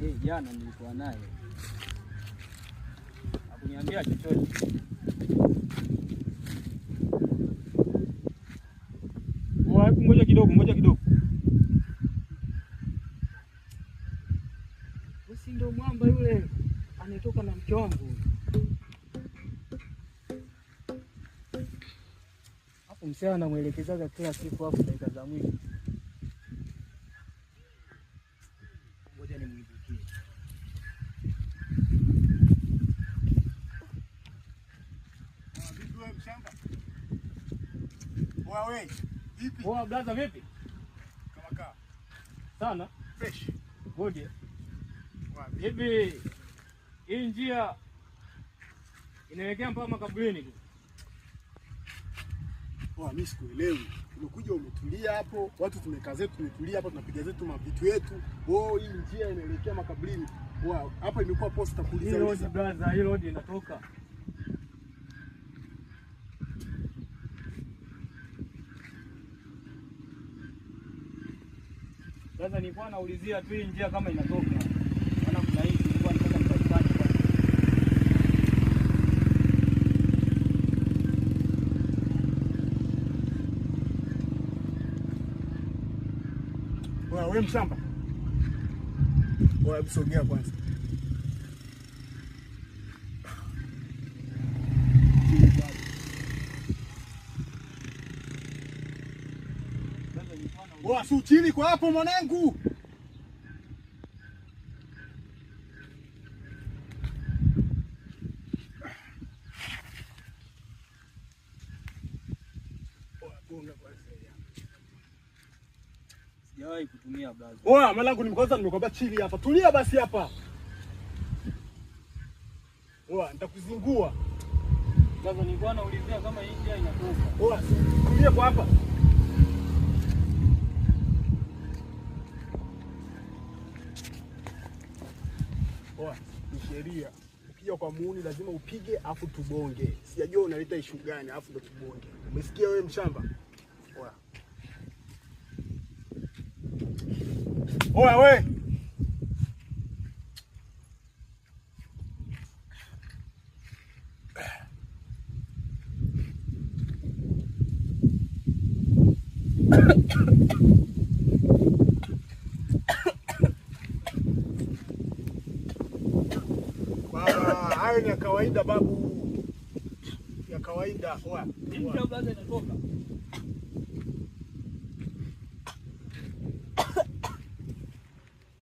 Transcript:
Hey, jana nilikuwa naye hakuniambia chochote. Ngoja kidogo, ngoja kidogo, usi ndo mwamba yule anatoka na mke wangu hapo. Msee anamwelekezaga kila siku hapo dakika za mwisho Kama wewe. Vipi? Poa brother vipi? Kama Sana. Fresh. Good. Wapi? Hivi hii njia inaelekea mpaka makaburini tu. Poa, mimi sikuelewi. Umekuja umetulia hapo, watu tumekaa zetu tumetulia hapo tunapiga zetu mavitu yetu. Oh, hii njia inaelekea makaburini. Poa, hapa imekuwa posta kuuliza. Hii road brother, hii road inatoka Sasa nilikuwa naulizia tu hii njia kama inatoka. Maana kuna hii nilikuwa nataka nikaifanye. Wewe mshamba. Wewe msogea kwanza. si uchini kwa hapo mwanangu. Sijawahi kutumia blaza. Oya, mwanangu nimekwanza, nimekwambia chini hapa, tulia basi hapa. Oya, nitakuzingua blaza. Nilikuwa naulizia kama hii njia inatoka. Oya, tulia kwa hapa. poa, ni sheria. Ukija kwa muuni lazima upige afu tubonge. Sijajua unaleta ishu gani, afu ndo tubonge. Umesikia wewe mshamba? Poa. Oya we. hayo ni ya kawaida babu, ya kawaida.